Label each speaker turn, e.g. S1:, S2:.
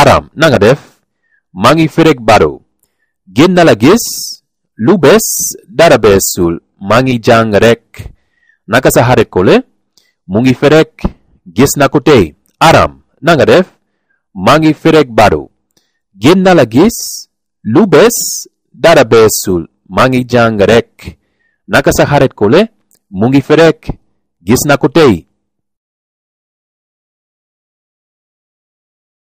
S1: aram nanga def maa ngi fi rek bado génn gis lu bees dara beesul maa ngi jàng rek naka sa kole mu ngi fi gis na ko tey aram nanga def maa ngi fi rek bado génn gis lu bees dara beesul maa ngi jàng rek naka sa kole mu ngi fi
S2: gis na ko tey